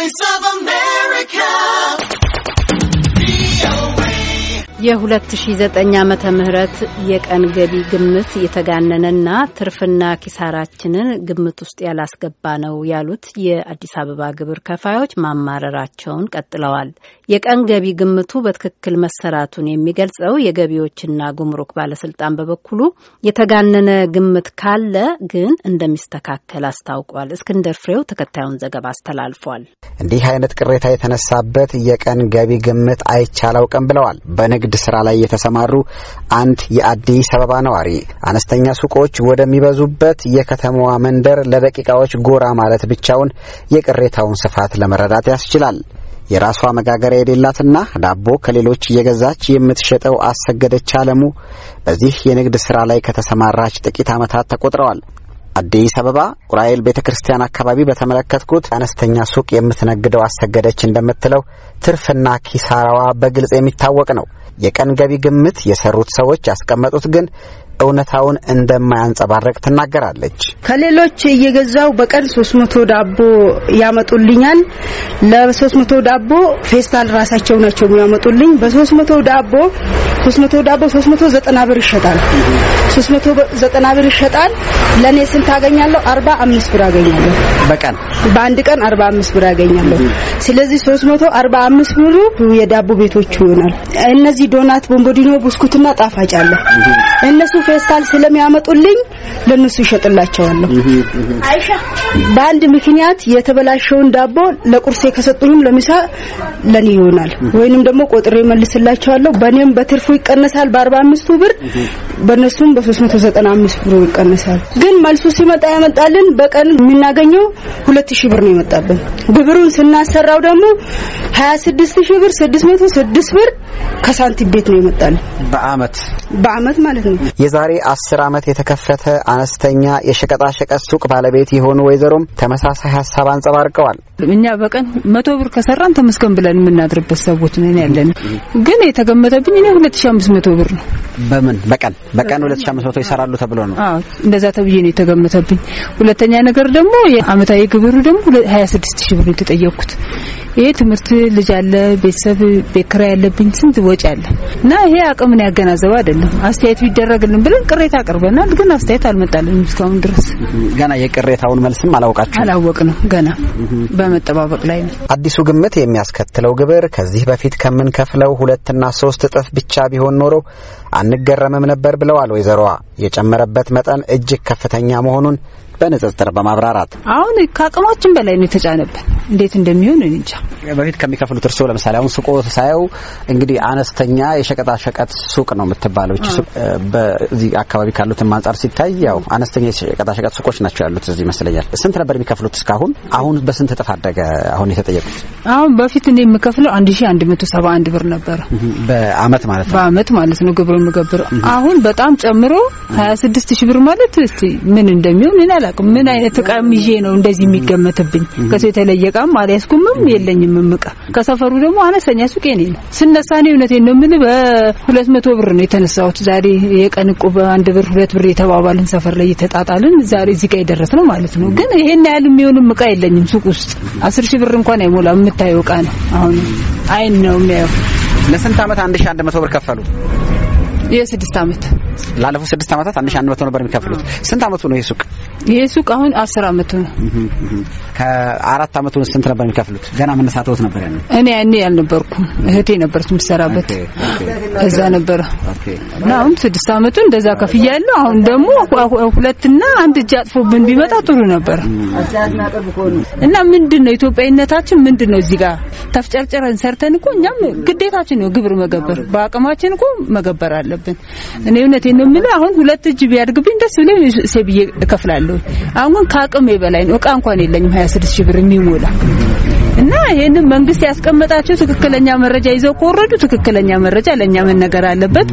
Voice of የ2009 ዓመተ ምህረት የቀን ገቢ ግምት የተጋነነና ትርፍና ኪሳራችንን ግምት ውስጥ ያላስገባ ነው ያሉት የአዲስ አበባ ግብር ከፋዮች ማማረራቸውን ቀጥለዋል። የቀን ገቢ ግምቱ በትክክል መሰራቱን የሚገልጸው የገቢዎችና ጉምሩክ ባለስልጣን በበኩሉ የተጋነነ ግምት ካለ ግን እንደሚስተካከል አስታውቋል። እስክንደር ፍሬው ተከታዩን ዘገባ አስተላልፏል። እንዲህ አይነት ቅሬታ የተነሳበት የቀን ገቢ ግምት አይቻላውቅም ብለዋል። በንግድ የንግድ ስራ ላይ የተሰማሩ አንድ የአዲስ አበባ ነዋሪ አነስተኛ ሱቆች ወደሚበዙበት የከተማዋ መንደር ለደቂቃዎች ጎራ ማለት ብቻውን የቅሬታውን ስፋት ለመረዳት ያስችላል። የራሷ መጋገሪያ የሌላትና ዳቦ ከሌሎች እየገዛች የምትሸጠው አሰገደች አለሙ በዚህ የንግድ ስራ ላይ ከተሰማራች ጥቂት ዓመታት ተቆጥረዋል። አዲስ አበባ ቁራኤል ቤተ ክርስቲያን አካባቢ በተመለከትኩት አነስተኛ ሱቅ የምትነግደው አሰገደች እንደምትለው ትርፍና ኪሳራዋ በግልጽ የሚታወቅ ነው። የቀን ገቢ ግምት የሰሩት ሰዎች ያስቀመጡት ግን እውነታውን እንደማያንጸባረቅ ትናገራለች። ከሌሎች እየገዛው በቀን ሶስት መቶ ዳቦ ያመጡልኛል። ለሶስት መቶ ዳቦ ፌስታል ራሳቸው ናቸው የሚያመጡልኝ። በሶስት መቶ ዳቦ ሶስት መቶ ዳቦ ሶስት መቶ ዘጠና ብር ይሸጣል። ሶስት መቶ ዘጠና ብር ይሸጣል። ለእኔ ስንት አገኛለሁ? አርባ አምስት ብር አገኛለሁ። በቀን በአንድ ቀን አርባ አምስት ብር አገኛለሁ። ስለዚህ ሶስት መቶ አርባ አምስት ብሩ የዳቦ ቤቶቹ ይሆናል። እነዚህ ዶናት፣ ቦምቦዲኖ፣ ብስኩትና ጣፋጭ አለ እነሱ ፌስታል ስለሚያመጡልኝ ለነሱ ይሸጥላቸዋለሁ። በአንድ ምክንያት የተበላሸውን ዳቦ ለቁርሴ ከሰጡኝም ለምሳ ለኔ ይሆናል፣ ወይንም ደግሞ ቆጥሬ መልስላቸዋለሁ። በኔም በትርፉ ይቀነሳል በአርባ አምስቱ ብር በእነሱም በ395 ብር ይቀነሳል። ግን መልሱ ሲመጣ ያመጣልን በቀን የምናገኘው 2000 ብር ነው የመጣብን። ግብሩን ስናሰራው ደግሞ 26000 ብር 606 ብር ከሳንቲም ቤት ነው የመጣልን በአመት በአመት ማለት ነው። የዛሬ 10 አመት የተከፈተ አነስተኛ የሸቀጣሸቀጥ ሱቅ ባለቤት የሆኑ ወይዘሮም ተመሳሳይ ሀሳብ አንጸባርቀዋል። እኛ በቀን መቶ ብር ከሰራን ተመስገን ብለን የምናድርበት ሰዎች ነን ያለን። ግን የተገመተብኝ እኔ 2500 ብር ነው በምን በቀን በቀን 2500 ይሰራሉ ተብሎ ነው። አዎ እንደዛ ተብዬ ነው የተገመተብኝ። ሁለተኛ ነገር ደግሞ የአመታዊ ግብሩ ደግሞ 26000 ብር የተጠየቅኩት ይሄ ትምህርት ልጅ አለ፣ ቤተሰብ ቤክራ ያለብኝ ስንት ወጪ አለ እና ይሄ አቅምን ያገናዘበ አይደለም። አስተያየት ቢደረግልን ብለን ቅሬታ አቅርበናል፣ ግን አስተያየት አልመጣልንም እስካሁን ድረስ። ገና የቅሬታውን መልስም አላወቅ ነው ገና በመጠባበቅ ላይ ነው። አዲሱ ግምት የሚያስከትለው ግብር ከዚህ በፊት ከምንከፍለው ሁለትና ሶስት እጥፍ ብቻ ቢሆን ኖሮ አንገረምም ነበር ብለዋል ወይዘሮዋ። የጨመረበት መጠን እጅግ ከፍተኛ መሆኑን በንጽጽር በማብራራት አሁን ከአቅማችን በላይ ነው የተጫነብን። እንዴት እንደሚሆን እንጃ። በፊት ከሚከፍሉት እርስዎ ለምሳሌ አሁን ሱቆ ሳየው እንግዲህ አነስተኛ የሸቀጣሸቀጥ ሱቅ ነው የምትባለው እቺ ሱቅ በዚህ አካባቢ ካሉትም አንጻር ሲታይ ያው አነስተኛ የሸቀጣሸቀጥ ሱቆች ናቸው ያሉት እዚህ ይመስለኛል። ስንት ነበር የሚከፍሉት እስካሁን? አሁን በስንት እጥፍ አደገ? አሁን የተጠየቁት አሁን በፊት እኔ የምከፍለው አንድ ሺ አንድ መቶ ሰባ አንድ ብር ነበር በአመት ማለት ነው። በአመት ማለት ነው ግብር የምገብር አሁን በጣም ጨምሮ 26 ሺህ ብር ማለት እስቲ ምን እንደሚሆን እኔ አላውቅም። ምን አይነት እቃም ይዤ ነው እንደዚህ የሚገመትብኝ? ከሰው የተለየ እቃም አልያዝኩምም የለኝም። እቃ ከሰፈሩ ደግሞ አነስተኛ ሱቅ የኔ ነው። ስነሳ እኔ እውነቴን ነው የምልህ በ200 ብር ነው የተነሳሁት ዛሬ። የቀን ዕቁብ አንድ ብር ሁለት ብር የተባባልን ሰፈር ላይ የተጣጣልን ዛሬ እዚህ ጋር ነው ማለት ነው። ግን ይሄን ያህል የሚሆንም እቃ የለኝም ሱቅ ውስጥ። 10 ሺህ ብር እንኳን አይሞላም። የምታየው እቃ ነው። አሁን አይን ነው የሚያየው። ለስንት ዓመት 1100 ብር ከፈሉ? የስድስት አመት ላለፉት ስድስት ዓመታት አንድ ሺ አንድ መቶ ነበር የሚከፍሉት። ስንት ዓመቱ ነው ይህ ሱቅ? ይሄ ሱቅ አሁን አስር አመት ነው። ከአራት አመት ወደ ስንት ነበር የሚከፍሉት? ገና መነሳተውት ነበር ያለው። እኔ ያኔ ያልነበርኩም እህቴ ነበረች የምትሰራበት እዛ ነበረ እና አሁን ስድስት አመቱ እንደዛ ከፍያ ያለው አሁን ደግሞ ሁለትና አንድ እጅ አጥፎብን ቢመጣ ጥሩ ነበር እና ምንድን ነው ኢትዮጵያዊነታችን ምንድን ነው? እዚህ ጋር ተፍጨርጨረን ሰርተን እኮ እኛም ግዴታችን ነው ግብር መገበር፣ በአቅማችን እኮ መገበር አለብን። እኔ እውነቴን ነው የምልህ አሁን ሁለት እጅ ቢያድግብኝ ደስ ብሎኝ ሴብዬ እከፍላለሁ። እችላለሁ። አሁን ግን ከአቅሜ በላይ ነው። እቃ እንኳን የለኝም 26 ሺህ ብር የሚሞላ እና ይሄንን መንግስት ያስቀመጣቸው ትክክለኛ መረጃ ይዘው ከወረዱ ትክክለኛ መረጃ ለኛ መነገር አለበት።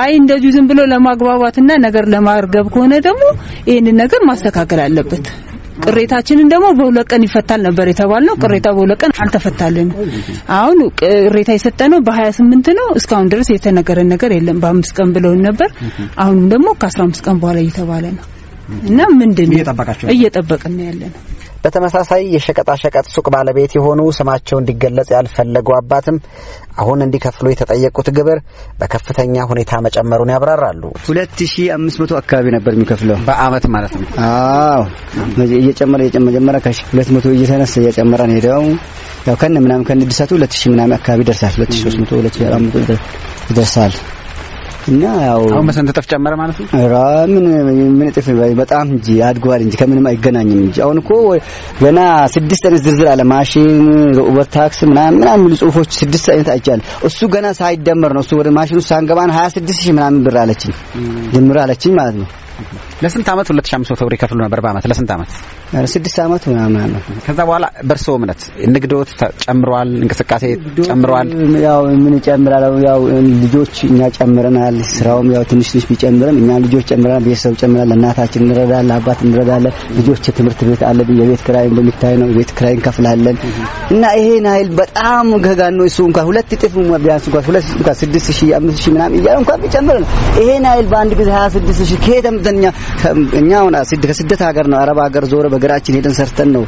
አይ እንደዚሁ ዝም ብሎ ለማግባባትና ነገር ለማርገብ ከሆነ ደግሞ ይሄንን ነገር ማስተካከል አለበት። ቅሬታችንን ደግሞ በሁለት ቀን ይፈታል ነበር የተባልነው። ቅሬታ በሁለት ቀን አሁን ቅሬታ የሰጠነው በ28 ነው። እስካሁን ድረስ የተነገረን ነገር የለም። በአምስት ቀን ብለውን ነበር። አሁንም ደግሞ ከ15 ቀን በኋላ እየተባለ ነው። እና ምንድን ነው እየጠበቅን ነው ያለ ነው። በተመሳሳይ የሸቀጣሸቀጥ ሱቅ ባለቤት የሆኑ ስማቸው እንዲገለጽ ያልፈለጉ አባትም አሁን እንዲከፍሉ የተጠየቁት ግብር በከፍተኛ ሁኔታ መጨመሩን ያብራራሉ። ሁለት ሺ አምስት መቶ አካባቢ ነበር የሚከፍለው በአመት ማለት ነው። አዎ እየጨመረ እየጨመረ ጀመረ። ከሁለት መቶ እየተነሳ እየጨመረ ነው ሄደው ያው ከነ ምናምን ከነ ድሳቱ ሁለት ሺ ምናምን አካባቢ ደርሳል። ሁለት ሺ ሶስት መቶ ሁለት ሺ አራት መቶ ይደርሳል። እና ያው አሁን በስንት እጥፍ ጨመረ ማለት ነው? ኧረ ምን ምን እጥፍ በጣም እንጂ አድጓል እንጂ ከምንም አይገናኝም እንጂ አሁን እኮ ገና ስድስት አይነት ዝርዝር አለ ማሽን ኦቨር ታክስ ምናምን ምናምን የሚሉ ጽሁፎች ስድስት አይነት አይቻል። እሱ ገና ሳይደመር ነው። እሱ ወደ ማሽኑ ሳንገባን 26 ሺህ ምናምን ብር አለችኝ ድምር አለችኝ ማለት ነው። ለስንት አመት 2500 ብር ይከፍሉ ነበር? በአመት ለስንት አመት? ስድስት አመት ምናምን አመት። ከዛ በኋላ በእርስዎ እምነት ንግዶት ጨምሯል? እንቅስቃሴ ጨምሯል? ያው ምን ይጨምራል? ያው ልጆች እኛ ጨምረናል። ስራውም ያው ትንሽ ትንሽ ቢጨምርም እኛ ልጆች ጨምረናል፣ ቤተሰብ ጨምረናል። ለእናታችን እንረዳለን፣ ለአባት እንረዳለን። ልጆች ትምህርት ቤት አለብን። የቤት ክራይ እንደሚታይ ነው፣ ቤት ክራይ እንከፍላለን። እና ይሄን ኃይል በጣም ገጋን ነው። እሱ እንኳን ሁለት እጥፍ ቢያንስ እንኳን ሁለት እንኳን ስድስት ሺህ አምስት ሺህ ምናምን እያለ እንኳን ቢጨምር ነው ይሄን ኃይል በአንድ ጊዜ ሺህ ከየትም ሰርተን እኛ እኛ አሁን ከስደት ሀገር ነው አረብ ሀገር ዞረ በሀገራችን ሄደን ሰርተን ነው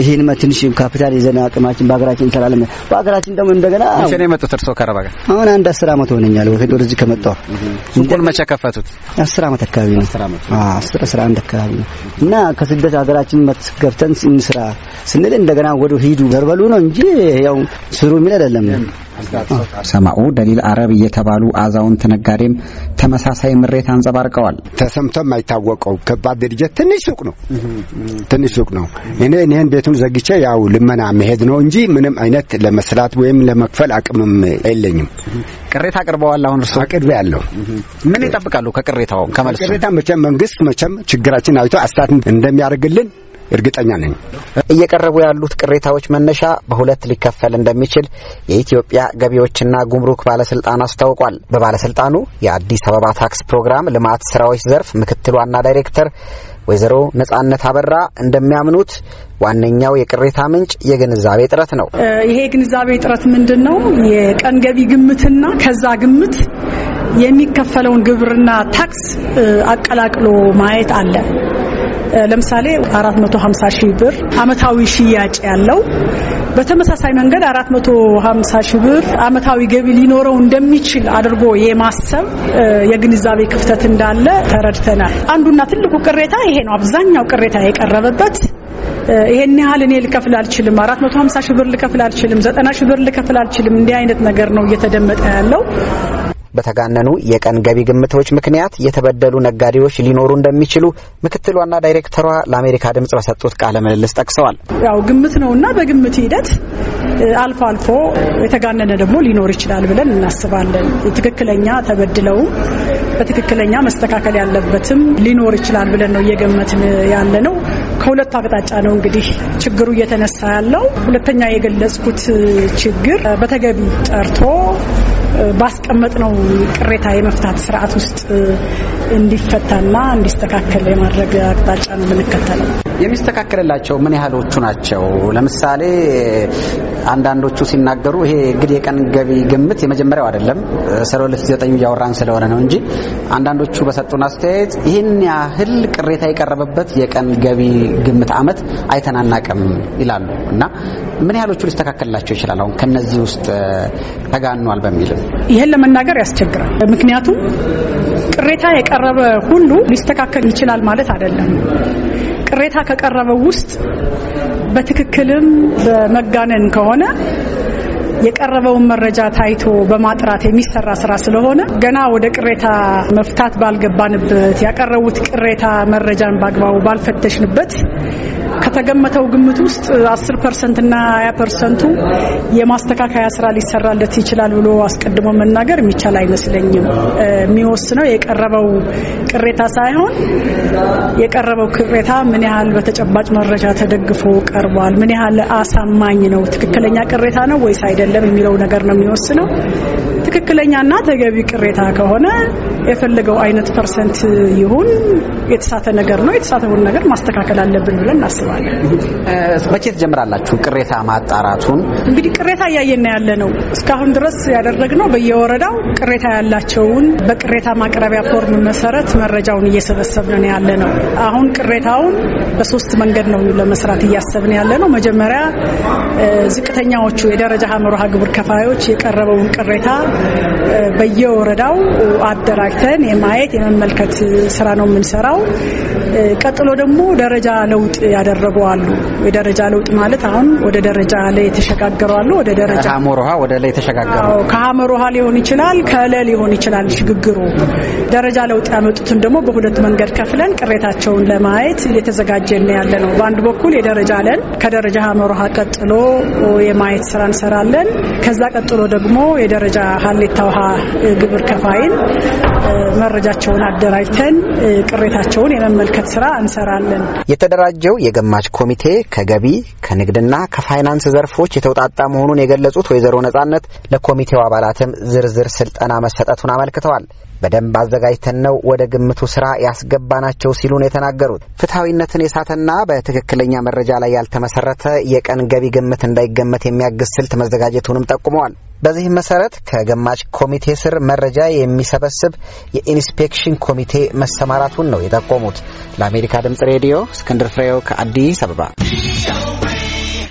ይሄን ትንሽ ካፒታል ይዘን አቅማችን በሀገራችን እንሰራለን። በሀገራችን ደግሞ እንደገና መቼ ነው የመጡት እርስዎ ከአረብ ሀገር? አሁን አንድ አስር ዓመት ሆነኛል ወደዚህ ከመጣሁ። ሱቁን መቼ ከፈቱት? አስር አመት አካባቢ ነው። አስር አስራ አንድ አካባቢ ነው እና ከስደት ሀገራችን ገብተን እንስራ ስንል እንደገና ወደ ሂዱ በርበሉ ነው እንጂ ያው ስሩ የሚል አይደለም። ሰማኡ ደሊል አረብ እየተባሉ አዛውንት ነጋዴም ተመሳሳይ ምሬት አንጸባርቀዋል። ተሰምቶ የማይታወቀው ከባድ ድርጅት ትንሽ ሱቅ ነው፣ ትንሽ ሱቅ ነው። እኔ እኔን ቤቱን ዘግቼ ያው ልመና መሄድ ነው እንጂ ምንም አይነት ለመስራት ወይም ለመክፈል አቅምም የለኝም። ቅሬታ አቅርበዋል። አሁን እርሱ አቅርቤ ያለው ምን ይጠብቃሉ? ከቅሬታው ከመልሱ ቅሬታ መቼም መንግስት መቼም ችግራችን አይቶ አስታት እንደሚያደርግልን እርግጠኛ ነኝ። እየቀረቡ ያሉት ቅሬታዎች መነሻ በሁለት ሊከፈል እንደሚችል የኢትዮጵያ ገቢዎችና ጉምሩክ ባለስልጣን አስታውቋል። በባለስልጣኑ የአዲስ አበባ ታክስ ፕሮግራም ልማት ስራዎች ዘርፍ ምክትል ዋና ዳይሬክተር ወይዘሮ ነጻነት አበራ እንደሚያምኑት ዋነኛው የቅሬታ ምንጭ የግንዛቤ እጥረት ነው። ይሄ የግንዛቤ እጥረት ምንድን ነው? የቀን ገቢ ግምትና ከዛ ግምት የሚከፈለውን ግብርና ታክስ አቀላቅሎ ማየት አለ። ለምሳሌ 450 ሺህ ብር አመታዊ ሽያጭ ያለው በተመሳሳይ መንገድ 450 ሺህ ብር አመታዊ ገቢ ሊኖረው እንደሚችል አድርጎ የማሰብ የግንዛቤ ክፍተት እንዳለ ተረድተናል። አንዱና ትልቁ ቅሬታ ይሄ ነው። አብዛኛው ቅሬታ የቀረበበት ይሄን ያህል እኔ ልከፍል አልችልም፣ 450 ሺህ ብር ልከፍል አልችልም፣ 90 ሺህ ብር ልከፍል አልችልም። እንዲህ አይነት ነገር ነው እየተደመጠ ያለው። በተጋነኑ የቀን ገቢ ግምቶች ምክንያት የተበደሉ ነጋዴዎች ሊኖሩ እንደሚችሉ ምክትል ዋና ዳይሬክተሯ ለአሜሪካ ድምጽ በሰጡት ቃለ ምልልስ ጠቅሰዋል። ያው ግምት ነው እና በግምት ሂደት አልፎ አልፎ የተጋነነ ደግሞ ሊኖር ይችላል ብለን እናስባለን። ትክክለኛ ተበድለው በትክክለኛ መስተካከል ያለበትም ሊኖር ይችላል ብለን ነው እየገመትን ያለ ነው። ከሁለቱ አቅጣጫ ነው እንግዲህ ችግሩ እየተነሳ ያለው። ሁለተኛ የገለጽኩት ችግር በተገቢ ጠርቶ ባስቀመጥ ነው ቅሬታ የመፍታት ስርዓት ውስጥ እንዲፈታና እንዲስተካከል የማድረግ አቅጣጫ ነው የምንከተለው። የሚስተካከልላቸው ምን ያህሎቹ ናቸው? ለምሳሌ አንዳንዶቹ ሲናገሩ ይሄ እንግዲህ የቀን ገቢ ግምት የመጀመሪያው አይደለም፣ ስለ ሁለት እያወራን ስለሆነ ነው እንጂ አንዳንዶቹ በሰጡን አስተያየት ይህን ያህል ቅሬታ የቀረበበት የቀን ገቢ ግምት አመት አይተናናቅም ይላሉ እና ምን ያህሎቹ ሊስተካከልላቸው ይችላል? አሁን ከነዚህ ውስጥ ተጋኗል በሚልም ይህን ለመናገር ያስቸግራል። ምክንያቱም ቅሬታ የቀረበ ሁሉ ሊስተካከል ይችላል ማለት አይደለም። ቅሬታ ከቀረበው ውስጥ በትክክልም በመጋነን ከሆነ የቀረበውን መረጃ ታይቶ በማጥራት የሚሰራ ስራ ስለሆነ ገና ወደ ቅሬታ መፍታት ባልገባንበት ያቀረቡት ቅሬታ መረጃን በአግባቡ ባልፈተሽንበት ከተገመተው ግምት ውስጥ 10 ፐርሰንት እና 20 ፐርሰንቱ የማስተካከያ ስራ ሊሰራለት ይችላል ብሎ አስቀድሞ መናገር የሚቻል አይመስለኝም። የሚወስነው የቀረበው ቅሬታ ሳይሆን የቀረበው ቅሬታ ምን ያህል በተጨባጭ መረጃ ተደግፎ ቀርቧል፣ ምን ያህል አሳማኝ ነው፣ ትክክለኛ ቅሬታ ነው ወይስ አይደለም አይደለም የሚለው ነገር ነው የሚወስነው። ትክክለኛና ተገቢ ቅሬታ ከሆነ የፈለገው አይነት ፐርሰንት ይሁን የተሳተ ነገር ነው፣ የተሳተውን ነገር ማስተካከል አለብን ብለን እናስባለን። መቼ ትጀምራላችሁ ቅሬታ ማጣራቱን? እንግዲህ ቅሬታ እያየን ያለ ነው። እስካሁን ድረስ ያደረግነው በየወረዳው ቅሬታ ያላቸውን በቅሬታ ማቅረቢያ ፎርም መሰረት መረጃውን እየሰበሰብን ያለ ነው። አሁን ቅሬታውን በሶስት መንገድ ነው ለመስራት እያሰብን ያለ ነው። መጀመሪያ ዝቅተኛዎቹ የደረጃ ሀመሩ መርሃ ግብር ከፋዮች የቀረበውን ቅሬታ በየወረዳው አደራጅተን የማየት የመመልከት ስራ ነው የምንሰራው። ቀጥሎ ደግሞ ደረጃ ለውጥ ያደረጉ አሉ። የደረጃ ለውጥ ማለት አሁን ወደ ደረጃ ላይ የተሸጋገሩ አሉ። ወደ ደረጃ ውሃ ወደ ላይ የተሸጋገሩ ከሐመር ውሃ ሊሆን ይችላል፣ ከለ ሊሆን ይችላል ሽግግሩ። ደረጃ ለውጥ ያመጡትን ደግሞ በሁለት መንገድ ከፍለን ቅሬታቸውን ለማየት እየተዘጋጀን ያለ ነው። በአንድ በኩል የደረጃ ለን ከደረጃ ሐመር ውሃ ቀጥሎ የማየት ስራ እንሰራለን። ከዛ ቀጥሎ ደግሞ የደረጃ ሀሌታ ውሃ ግብር ከፋይን መረጃቸውን አደራጅተን ቅሬታቸውን የመመልከት ስራ እንሰራለን። የተደራጀው የገማች ኮሚቴ ከገቢ ከንግድና ከፋይናንስ ዘርፎች የተውጣጣ መሆኑን የገለጹት ወይዘሮ ነጻነት ለኮሚቴው አባላትም ዝርዝር ስልጠና መሰጠቱን አመልክተዋል። በደንብ አዘጋጅተን ነው ወደ ግምቱ ስራ ያስገባ ናቸው ሲሉ ነው የተናገሩት። ፍትሐዊነትን የሳተና በትክክለኛ መረጃ ላይ ያልተመሰረተ የቀን ገቢ ግምት እንዳይገመት የሚያግዝ ስልት መዘጋጀቱንም ጠቁመዋል። በዚህም መሰረት ከገማች ኮሚቴ ስር መረጃ የሚሰበስብ የኢንስፔክሽን ኮሚቴ መሰማራቱን ነው የጠቆሙት። ለአሜሪካ ድምጽ ሬዲዮ እስክንድር ፍሬው ከአዲስ አበባ